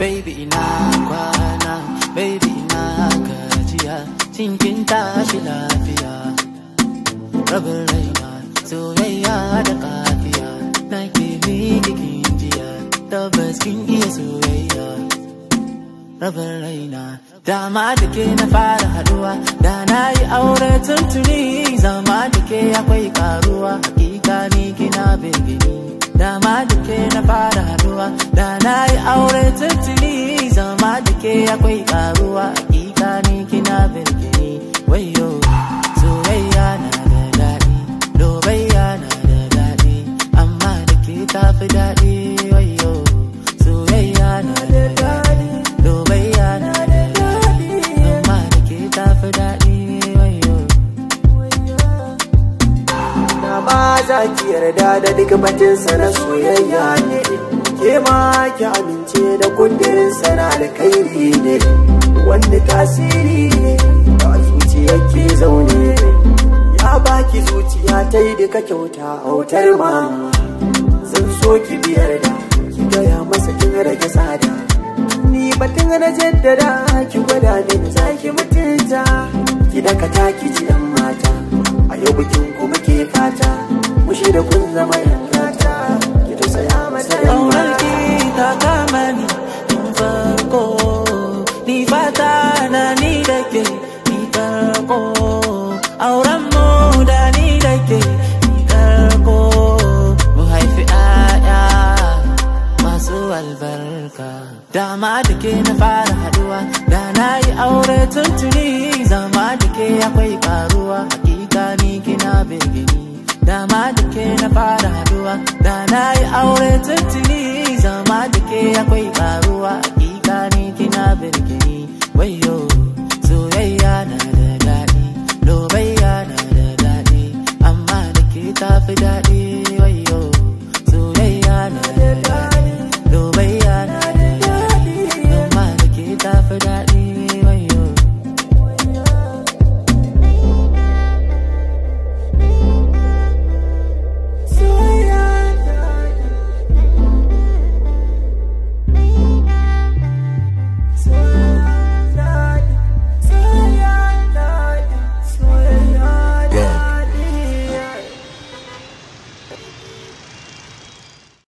baby ina kwana baby ina gajiya cikin tashi lafiya rabin raina soyayya da kafiya na ke miki kinjiya tabbas kin iya soyayya rabin raina dama da ke na fara haduwa da na aure tuntuni zama da ke akwai karuwa hakika ni kina birgini dama da ke aure tuntuni zama da ke akwai karuwa hakika ni kina birkini wayo soyayya na da daɗi dobayya na da daɗi amma da ke fi daɗi wayo soyayya na da daɗi dobayya na da daɗi amma da ke fi daɗi wayo na ba za ki yarda da duk batinsa na soyayya ne ma ki amince da kundirin sana alkhairi ne wanda tasiri ne ba zuciya ke zaune ya baki zuciya ta yi duka kyauta wutar ma zan so ki biyar da ki gaya masa kin rage tsada ni batun na jaddada ki gwada min zaki mutunta ki dakata ki ji dan mata a yau bikin kuma ke fata mushi da kun zama yankata gata ki tausaya masa yan ni na ni da ke ni tarko auren ni da ke aya masu albarka dama da ke na fara haduwa da na yi aure tuntuni zama da ke akwai karuwa hakika ni kina begini dama da ke na fara haduwa da na yi aure tuntuni zama da ke akwai karuwa